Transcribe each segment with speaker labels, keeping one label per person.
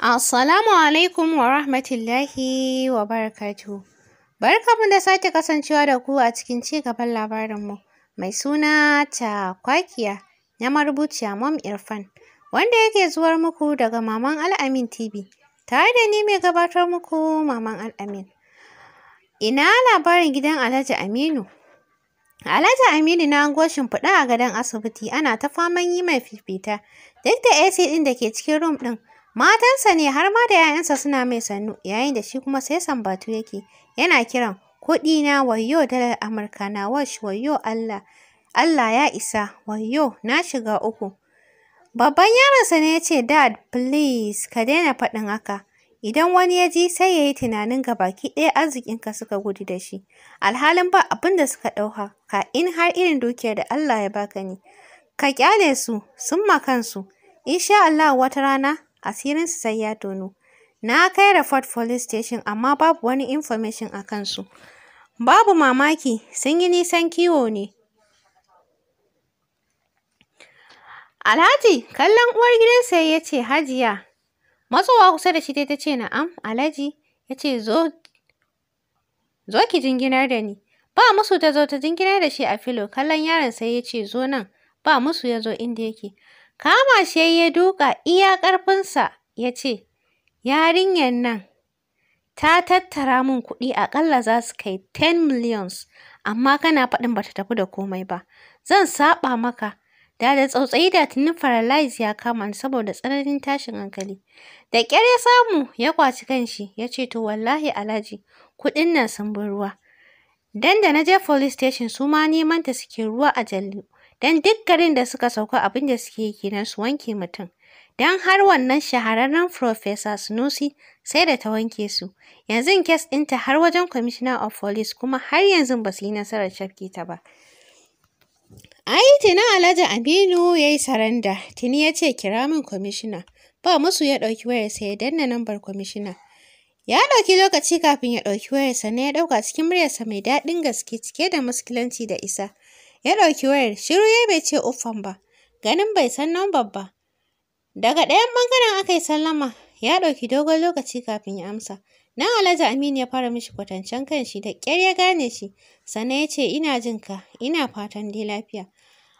Speaker 1: Assalamu alaikum wa rahmatullahi wa barakatuhu. Barka da sake kasancewa da ku a cikin ci gaban labarinmu mai suna ta kwakiya na marubuciya Mom Irfan wanda yake zuwar muku daga Maman Al'amin TV tare da ni mai gabatar muku Maman Al'amin. Ina labarin gidan Alhaji Aminu? Alhaji Aminu na goshin fuɗa a gadon asibiti ana ta faman yi mai fifita duk da AC ɗin da ke cikin rum ɗin. Matansa ne har ma da 'ya'yansa suna mai sannu, yayin da shi kuma sai sambatu yake, yana kiran Kuɗi na, wayo, dalar Amurka na wash wayo. Allah, Allah ya isa wayo. na shiga uku. Babban yaransa ne ya ce dad please ka daina faɗin haka. Idan wani ya ji sai ya yi tunanin ga baki ɗaya arzikinka suka gudu da shi, alhalin ba abin da suka ɗauka, ka in har irin dukiyar da Allah ya baka ne. Ka kyale su, sun kansu. insha Allah wata rana asirinsu sai ya tono. Na kai report police station amma babu wani information a kansu. Babu mamaki, sun yi nisan kiwo ne. Alhaji, kallon uwar gidansa ya ce, Hajiya, matsowa kusa da shi ta ce, Na'am, Alhaji, ya ce, Zo, zo ki jinginar da ni. Ba musu ta zo ta jinginar da shi a filo, kallon yaron sai ya ce, Zo nan, ba musu ya zo inda yake. Kama shi ya duka iya ƙarfinsa ya ce, Yarinyar nan ta tattara min kuɗi aƙalla za su kai 10 millions, amma kana faɗin ba ta tafi da komai ba. Zan saɓa maka. Da da tsautsayi da tunin paralyze ya kama saboda tsananin tashin hankali. Da ƙyar ya samu ya kwaci kanshi ya ce to wallahi alhaji kuɗin nan sun bi ruwa. Dan da na je police station su ma neman ta suke ruwa a jalli. don duk garin da suka sauka abin da suke yi kenan su wanke mutum. Don har wannan shahararren Profesa Sunusi sai da ta wanke su. Yanzu kes ɗinta har wajen Commissioner of Police kuma har yanzu ba su yi nasarar cafke ta ba. Ai, Tina Alhaji Aminu ya yi saranda, tini ya ce kira min kwamishina. Ba musu ya ɗauki wayarsa ya danna nambar Commissioner. Ya ɗauki lokaci kafin ya ɗauki wayarsa na ya ɗauka cikin muryarsa mai daɗin gaske cike da muskilanci da isa. Ya ɗauki wayar, shiru ya bai ce uffan ba, ganin bai san nambar ba. Daga ɗayan ɓangaren aka yi sallama, ya ɗauki dogon lokaci kafin ya amsa. Nan Alhaji Aminu ya fara mishi kwatancen kan shi da ƙyar ya gane shi, sannan ya ce ina jin ka, ina fatan dai lafiya.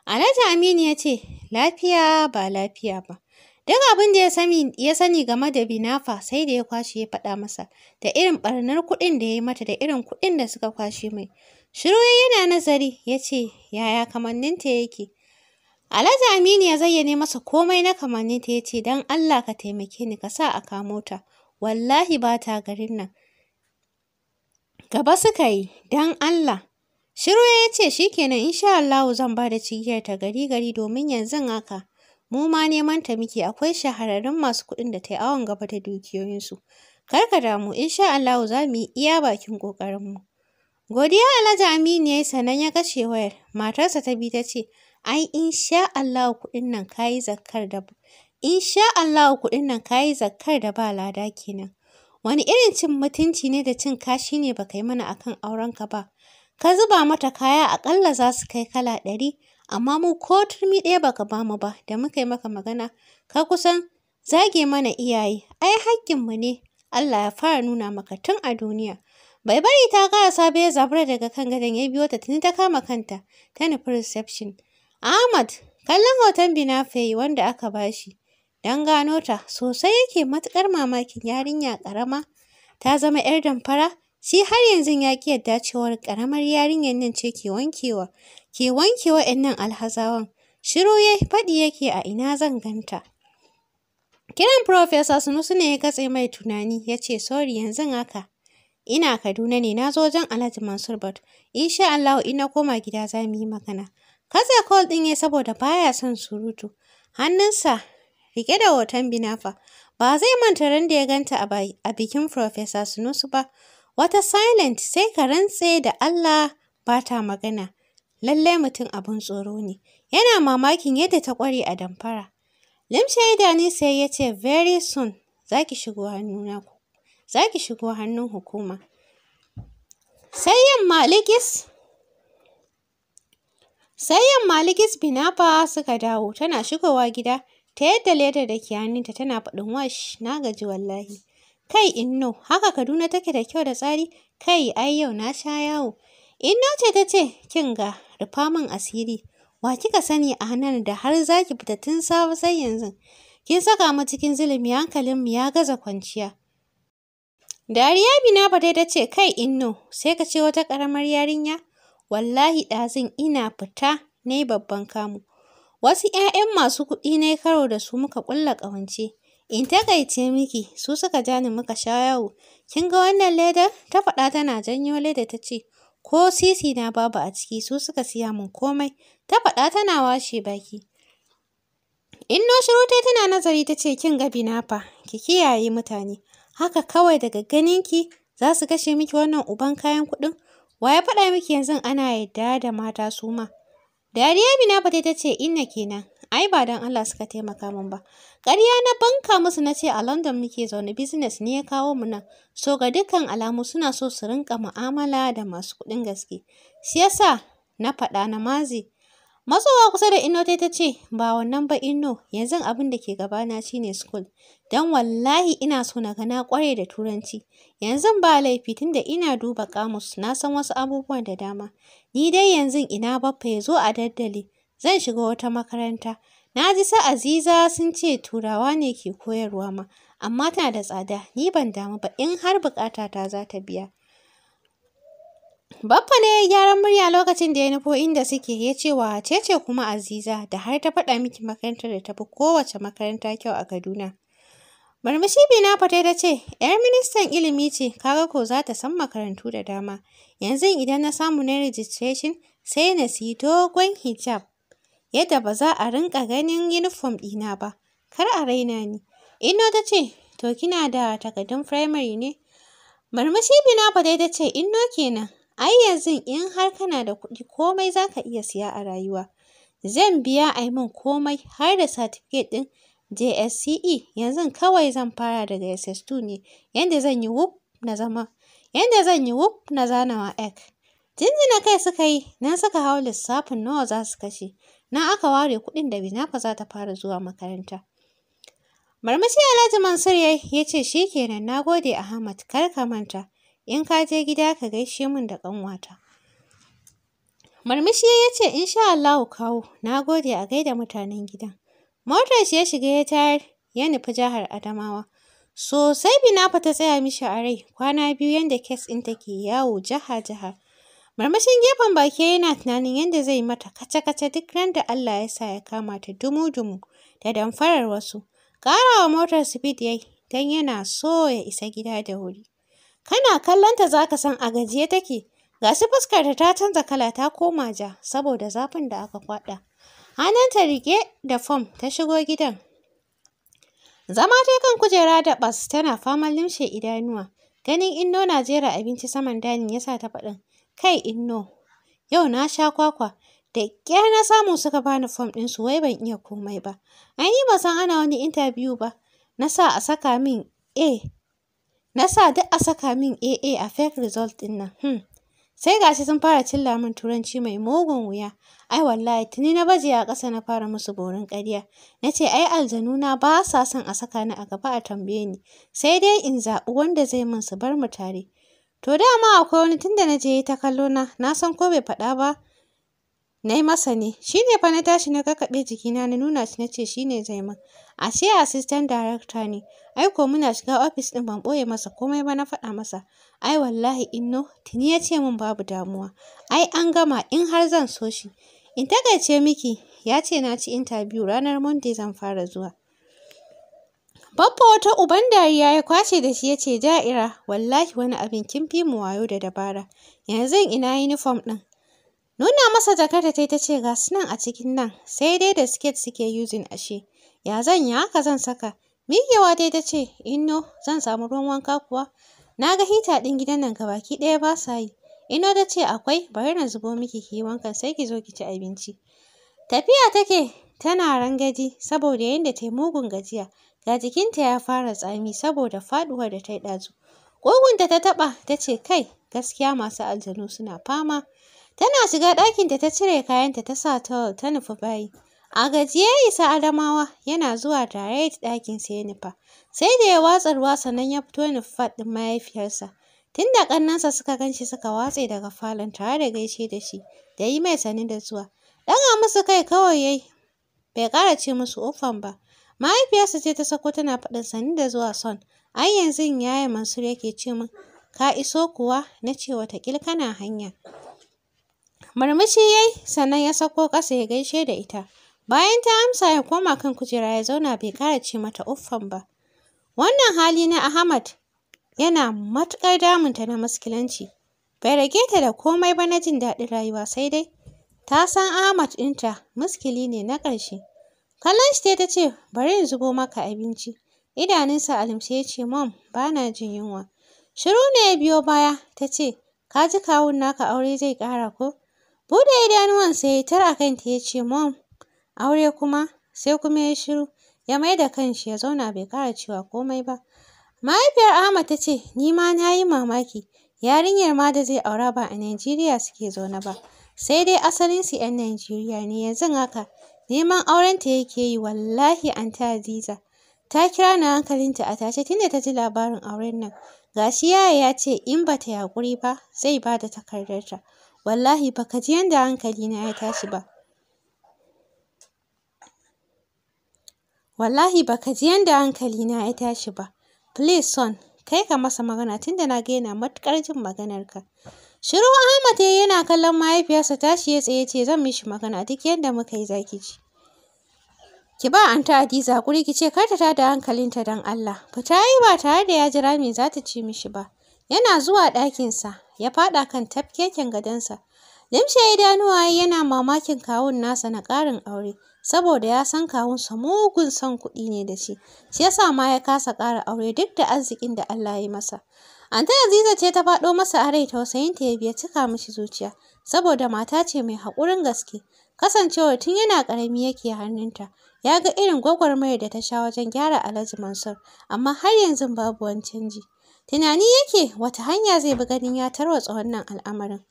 Speaker 1: Alhaji Aminu ya ce lafiya ba lafiya ba. Duk abin da ya sani game da Binafa sai da ya kwashe ya faɗa masa da irin ɓarnar kuɗin da ya yi mata da irin kuɗin da suka kwashe mai. Shiru yana nazari ya ce, Yaya kamanninta yake? Alhaji Aminu ya zayyane masa komai na kamanninta ya ce, Don Allah ka taimake ni ka sa a kamo ta, wallahi ba ta garin nan. Gaba suka yi, don Allah. Shiru ya ce, Shi kenan, insha Allah zan ba da cigiyar ta gari gari domin yanzu haka. Mu ma neman ta muke akwai shahararrun masu kuɗin da ta yi awon gaba da dukiyoyinsu. Kar ka damu, insha Allah za mu yi iya bakin ƙoƙarinmu. Godiya Alhaji Aminu ya yi sannan ya kashe wayar. Matarsa ta bi ta ce, Ai, in sha Allah kuɗin nan ka yi zakkar da in sha Allah kuɗin nan ka zakkar da ba lada kenan. Wani irin cin mutunci ne da cin kashi ne baka yi mana akan aurenka ba. Ka zuba mata kaya aƙalla za su kai kala ɗari, amma mu ko turmi ɗaya baka ba mu ba da muka yi maka magana, ka kusan zage mana iyaye, ai mu ne. Allah ya fara nuna maka tun a duniya. Bai bari ta ƙara ba zabura daga kan gadon ya biyo ta tuni ta kama kanta ta nufi reception. Ahmad kallon hoton Binafe wanda aka bashi don gano ta sosai yake matuƙar mamakin yarinya ƙarama ta zama 'yar damfara shi har yanzu ya ƙi yadda cewar ƙaramar yarinyar nan ce ke wankewa ke wanke nan alhazawan. Shiru ya faɗi yake a ina zan ganta. Kiran Profesa Sunusu ne ya katse mai tunani ya ce, Sorry, yanzu haka. Ina Kaduna ne, na zo Jan, Alhaji Mansur Batu. Insha Allah in na koma gida za mu yi magana. kaza kol din ya saboda baya son surutu. Hannunsa rike da hoton Binafa. Ba zai manta ran da ya ganta a bikin Profesa Sunusu ba. Wata silent sai ka rantse da Allah ba ta magana. Lallai mutum abun tsoro ne. Yana mamakin yadda ta kware a damfara. Limshe idanunsa ya ce, Very soon, za ki shigo hannuna za ki shigo hannun hukuma. Sai yin Malikis. Sai yin Malikis Binafa suka dawo tana shigowa gida ta yadda leda da ke hannunta tana faɗin wash na gaji wallahi. Kai inno haka Kaduna take da kyau da tsari kai ai yau na sha yawo. Inno ce ta ce kin ga rufa min asiri wa kika sani a hannun da har za ki fita tun safe sai yanzu. Kin saka mu cikin zulumi hankalinmu ya gaza kwanciya. Dariya Bina dai ta ce, Kai Inno, sai ka ce wata ƙaramar yarinya? Wallahi ɗazin ina fita ne babban kamu. Wasu ‘ya'yan masu kuɗi na yi karo da su muka ƙulla ƙawance. In takaice miki, su suka ja ni muka sha yawo. Kin ga wannan ledar? Ta faɗa tana janyo leda ta ce, Ko sisi na babu a ciki, su suka siya mun komai. Ta faɗa tana washe baki. Inno shiru tai tana nazari ta ce, Kin ga Bina ki kiyaye mutane. Haka kawai daga ganinki za su kashe miki wannan uban kayan kuɗin? Wa ya faɗa miki yanzu ana yarda da mata su ma? Dariya na fate ta ce inna kenan. Ai ba don Allah suka taimaka min ba. Ƙarya na banka musu na ce a London muke zaune business ne ya kawo mu nan. So ga dukkan alamu suna so su rinka mu'amala da masu kuɗin gaske. Shi yasa na faɗa na mazi Matsowa kusa da Inno ta ce, ba wannan ba Inno, yanzu abin da ke gabana shine school. Don wallahi ina so na ga na ƙware da Turanci. Yanzu ba laifi tun da ina duba kamus na san wasu abubuwan da dama. Ni dai yanzu ina baffa ya zo a daddale. Zan shiga wata makaranta. Na ji sa Aziza sun ce Turawa ne ke koyarwa ma, amma tana da tsada, ni ban damu ba in har buƙata ta za ta biya. Baffa ne ya gyaran murya lokacin da ya nufo inda suke ya ce wa cece kuma Aziza da har ta faɗa miki makarantar da ta fi kowace makaranta kyau a Kaduna. Marmashi Bina Fate ta ce, ‘yar ministan ilimi ce, kaga ko za ta san makarantu da dama. Yanzu idan na samu na registration sai na siyi dogon hijab, yadda ba za a rinka ganin uniform ɗina ba, kar a raina ni. Inno ta ce, to kina da takardun firamare ne? Marmashi Bina Fate ta ce, inno kenan. Ai yanzu in har kana da kuɗi komai za ka iya siya a rayuwa. Zan biya a yi min komai har da satifiket ɗin JSCE yanzu kawai zan fara daga SS2 ne yanda zan yi wuf na zama yanda zan yi wuf na zana wa Jinjina kai suka yi nan suka hau lissafin nawa za su kashe Na aka ware kuɗin da Binafa za ta fara zuwa makaranta. Marmashi Alhaji Mansur ya ce shi kenan na gode Ahmad kar ka manta in ka je gida ka gaishe min da ƙanwata. Marmishi ya ce in sha Allahu kawo, na gode a gaida mutanen gidan. Motar shi ya shiga ya tayar ya nufi jihar Adamawa. Sosai Binafa ta tsaya mishi a rai kwana biyu yadda kes ɗin take yawo jiha-jiha. Marmashin gefen baki yana tunanin yadda zai mata kace-kace duk ran da Allah ya sa ya kama ta dumu-dumu da damfarar wasu. Ƙarawa motar speed yayi don yana so ya isa gida da wuri. Kana kallonta za ka san a gajiye take. Ga su fuskarta ta canza kala ta koma ja saboda zafin da aka kwaɗa. Hannunta rike da fom ta shigo gidan. Zama ta kan kujera da bas tana faman limshe idanuwa. Ganin Inno na jera abinci saman dani ya sa ta faɗin. Kai Inno, yau na sha kwakwa. Da ƙyar na samu suka bani fom ɗinsu wai ban iya komai ba. An yi ba san ana wani interview ba. Na sa a saka min A Na sa duk a saka min AA a fake result din nan. Hmm. Sai gashi sun fara cilla min turanci mai mugun wuya. Ai wallahi tuni na baje a ƙasa na fara musu borin ƙarya. nace ce ai aljanu na ba sa son a saka ni a gaba a tambaye ni. Sai dai in zaɓi wanda zai min su bar mu tare. To dama akwai wani tunda na je ta kallo na, na san ko bai faɗa ba na yi masa ne shi ne fa na tashi na kakaɓe jikina na nuna shi na ce shi ne zaiman ce asistan darakta ne ai ko muna shiga ofis ɗin ban ɓoye masa komai ba na faɗa masa ai wallahi inno tuni ya ce min babu damuwa ai an gama in har zan so shi in takaice miki ya ce na ci intabiyu ranar monday zan fara zuwa Babba wata uban dariya ya kwace da shi ya ce ja'ira wallahi wani abin kin fi mu wayo da dabara yanzu ina uniform ɗin Nuna masa jakar da ta yi ta ce ga su nan a cikin nan, sai dai da siket suke using ashe. Ya zan yi haka zan saka. Miƙewa dai ta ce, Inno, zan samu ruwan wanka kuwa? Na ga hita ɗin gidan nan gabaki ɗaya ba sa yi. Ino ta ce akwai, bari na zubo miki ki yi wankan sai ki zo ki ci abinci. Tafiya take tana rangaji saboda yadda ta yi mugun gajiya. Ga jikinta ya fara tsami saboda faɗuwar da ta yi ɗazu. Ƙugunta ta taɓa ta ce kai gaskiya masu aljanu suna fama. Tana shiga ɗakinta ta cire kayanta ta sa towel ta nufi bayi. A gajiye ya isa Adamawa yana zuwa da ɗakin ɗakinsa ya nufa. Sai da ya watsa ruwa sannan ya fito nufi fat ɗin mahaifiyarsa. da ƙannensa suka gan shi suka watse daga falon tare da gaishe da shi da yi mai sani da zuwa. Ɗaga musu kai kawai yayi bai ƙara ce musu ofan ba. Mahaifiyarsa ce ta sako tana faɗin sani da zuwa son. an yanzu yaya Mansur yake ce min ka iso kuwa na ce wataƙil kana hanya. murmushi ya yi sannan ya sako ƙasa ya gaishe da ita. Bayan ta amsa ya koma kan kujera ya zauna bai ƙara ce mata uffan ba. Wannan hali na Ahmad yana matuƙar damunta na maskilanci. Bai rage ta da komai ba na jin daɗin rayuwa sai dai ta san Ahmad ɗinta muskili ne na ƙarshe. Kallon shi ta ce bari in zubo maka abinci. Idanunsa a limshe ya ce mom ba na jin yunwa. Shiru ne ya biyo baya ta ce ka ji kawun naka aure zai ƙara ko? Buɗe idanuwansa ya yi a kanta ya ce, Mom, aure kuma? Sai kuma ya shiru, ya mai da kanshi ya zauna bai kara cewa komai ba. Mahaifiyar Ahmad ta ce, Ni ma na yi mamaki, yarinyar ma da zai aura ba a Najeriya suke zaune ba, sai dai asalin su 'yan Najeriya ne, yanzu haka neman aurenta yake yi wallahi Anti aziza Ta kira ni hankalinta a tashe tunda ta ji labarin auren nan. Ga yaya ya ce in ba ta yi haƙuri ba zai ba da takardarta. Wallahi ba ka ji yanda hankalina ya tashi ba. Wallahi ba ka ji yanda hankalina ya tashi ba. Please son, kai ka masa magana tunda na ga yana matuƙar jin maganarka. Shiru Ahmad ya yana kallon mahaifiyarsa tashi ya tsaye ce zan mishi magana duk yadda muka yi zaki ki ji. Ki ba Anta Hadiza kuri ki ce kar ta tada hankalinta don Allah. Fita yi ba tare da ya jira me za ta ce mishi ba. Yana zuwa ɗakinsa, ya faɗa kan tafkeken gadonsa. Limshe idanuwa yana mamakin kawun nasa na ƙarin aure, saboda ya san kawunsa mugun son kuɗi ne da shi, shi yasa ma ya kasa ƙara aure duk da arzikin da Allah ya masa. Anta Aziza ce ta faɗo masa a rai ta ya biya cika mishi zuciya, saboda mata ce mai haƙurin gaske. Kasancewar tun yana ƙarami yake hannunta, ya ga irin gwagwarmayar da ta sha wajen gyara Alhaji Mansur, amma har yanzu babu wani canji. Tunani yake wata hanya zai bi ganin ya tarwatsa wannan al'amarin.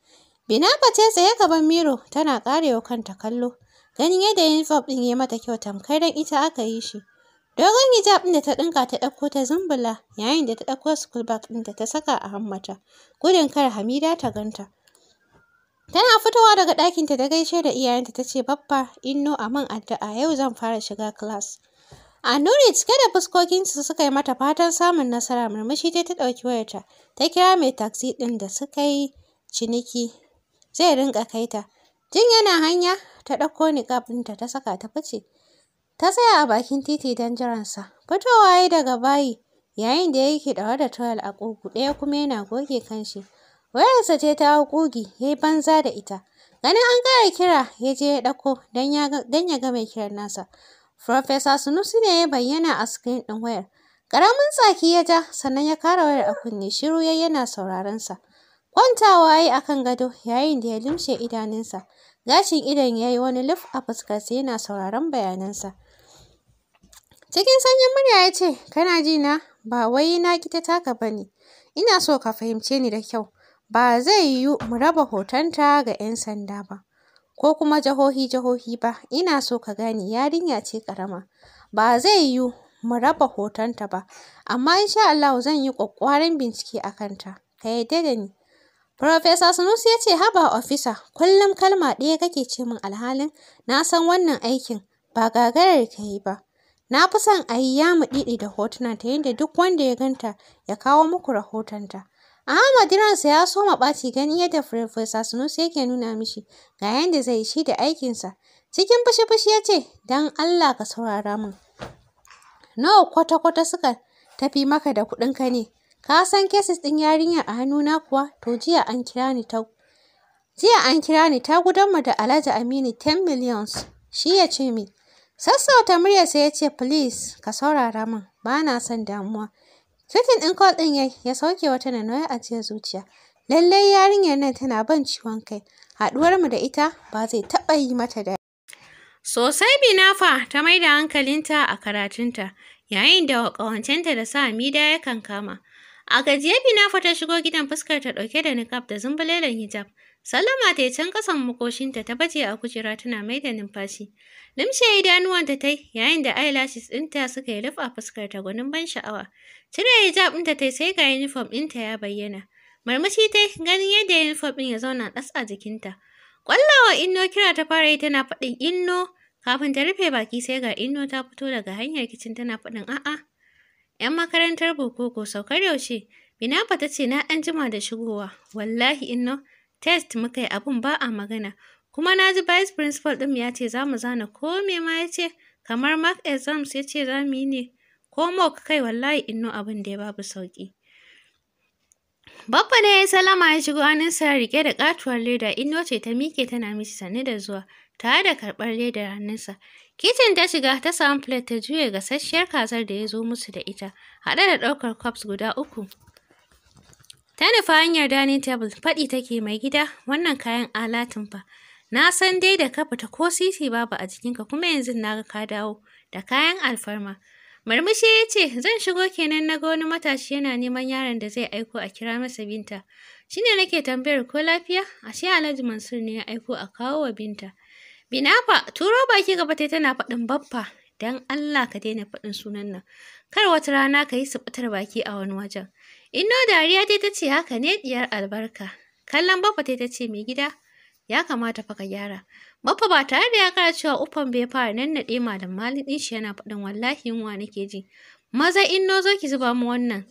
Speaker 1: Binaba ta tsaye gaban Miro tana karewa kanta kallo. Ganin yadda uniform ɗin ya mata kyau tamkar dan ita aka yi shi. Dogon hijab ɗin da ta ɗinka ta ɗauko ta zumbula yayin da ta ɗauko school bag ɗin da ta saka a hammata. Gudun kar Hamida ta ganta. Tana fitowa daga ɗakinta ta gaishe da iyayenta ta ce, babba inno a man addu'a yau zan fara shiga class. A nuri cike da fuskokinsu suka yi mata fatan samun nasara murmushi ta ta ɗauki wayarta ta kira mai taksi ɗin da suka yi ciniki zai rinƙa kai ta. Jin yana hanya ta ɗauko ni ɗinta ta saka ta fice. Ta tsaya a bakin titi don jiransa. Fitowa ya daga bayi yayin da yake ɗaure da towel a ƙugu ɗaya kuma yana goge kanshi. Wayarsa ce ta hau ƙugi ya yi banza da ita. Ganin an ƙara kira ya je ya ɗauko don ya ga mai kiran nasa. Farfesa Sunusi ne ya bayyana a screen ɗin wayar. karamin tsaki ya ja, sannan ya kara wayar a kunne shiru ya yana sauraronsa. Kwantawa ya yi a kan gado yayin da ya lumshe idanunsa. Gashin idan ya yi wani luf a fuskarsa yana sauraron bayanansa. Cikin sanyin murya ya ce, Kana ji na? Ba wai na kita taka ba ne. Ina so ka fahimce ni da kyau. Ba zai yiwu mu raba hotonta ga 'yan sanda ba. ko kuma jihohi-jihohi ba, ina so ka gane yarinya ce ƙarama. Ba zai yiwu mu raba hotonta ba, amma insha Allah zan yi ƙwaƙƙwaran bincike a kanta, ka yadda da ni. Profesa Sunusi ya ce, haba ofisa, kullum kalma ɗaya kake ce min alhalin na san wannan aikin ba gagarar ka yi ba. Na fi son a yi yamu ɗiɗi da hotuna, ta yadda duk wanda ya ganta ya kawo muku rahotonta. Ahmad ransa ya soma ɓaci ganin yadda Farfesa Sunusi yake nuna mishi ga yadda zai shi da aikinsa. Cikin fushi-fushi ya ce, don Allah ka saurara min. Nawa kwata-kwata suka tafi maka da kuɗinka ne? Ka san kesis ɗin yarinya a hannuna kuwa? To jiya an kira ni ta Jiya an kira ni ta gudanmu da Alhaji Aminu 10 millions. Shi ya ce min, sassauta muryarsa ya ce, please ka saurara min, ba na son damuwa. Cikin ɗin kol ɗin ya sauke wata nanoya a jiya zuciya. Lallai yarinyar nan tana ban ciwon kai. Haɗuwar mu da ita ba zai taɓa yi mata daɗi. Sosai Binafa ta mai maida hankalinta a karatunta, yayin da ƙawancenta da sa mida ya kankama. A gajiye Binafa ta shigo gidan fuskar ta ɗauke da niƙaf da zumbulelen hijab. Salama ta yi can ƙasan makoshinta ta baje a kujera tana mai da numfashi. Limshe idanuwanta ta yayin da eyelashes ɗinta suka yi rufa fuskar ta gwanin ban sha'awa. Cire hijab ɗinta ta sai ga uniform ɗinta ya bayyana. Marmashi ta yi ganin yadda uniform ɗin ya zauna ɗas a jikinta. Ƙwallawa Inno kira ta fara yi tana faɗin Inno kafin ta rufe baki sai ga Inno ta fito daga hanyar kicin tana faɗin a'a. 'Yan makarantar bokoko saukar yaushe. Binafa ta ce na ɗan jima da shigowa. Wallahi Inno Test muka yi abun ba a magana. Kuma na ji vice principal ɗin ya ce za mu zana ko me ma ya ce, kamar mark exams ya ce za mu yi ne, ko mock kai wallahi inno abin da ya babu sauki Babba ne ya salama ya shigo hannunsa rike da katuwar leda inno ce ta mike tana mishi sane da zuwa, tare da karɓar leda hannunsa. Kicin ta shiga ta samu plate ta juye sashiyar kazar da ya zo musu da ita, haɗe da ɗaukar cups guda uku. Ta nufa hanyar dining table, faɗi take mai gida, wannan kayan alatin fa. Na san dai da ka fita ko sisi babu a jikinka kuma yanzu na ga ka dawo da kayan alfarma. Marmashi ya ce, zan shigo kenan na ga wani matashi yana neman yaron da zai aiko a kira masa Binta. Shi ne nake tambayar ko lafiya? Ashe Alhaji Mansur ne ya aiko a kawo wa Binta. Binafa, turo baki gaba tai tana faɗin baffa. Dan Allah ka daina faɗin sunan nan. Kar wata rana ka yi sabatar baki a wani wajen. Inno dariya dai ta ce haka ne diyar albarka. Kallon bafa ta ce mai gida ya kamata fa ka gyara. Bafa ba tare da ya kara cewa uffan bai fara nan nannaɗe malam malin ɗin shi yana faɗin wallahi yunwa nake ji. Maza inno zo ki zuba mu wannan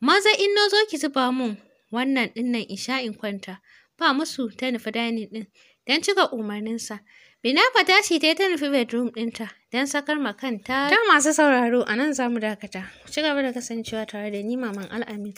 Speaker 1: maza inno zo ki zuba mun wannan ɗin nan in kwanta. Ba musu ta nufi dining ɗin dan cika umarninsa. Rinafa ta ce ta ta nufi bedroom ɗinta don sakar makanta. Ta masu sauraro a nan za mu dakata. Ku ci gaba da kasancewa tare da ni Maman Al'amin.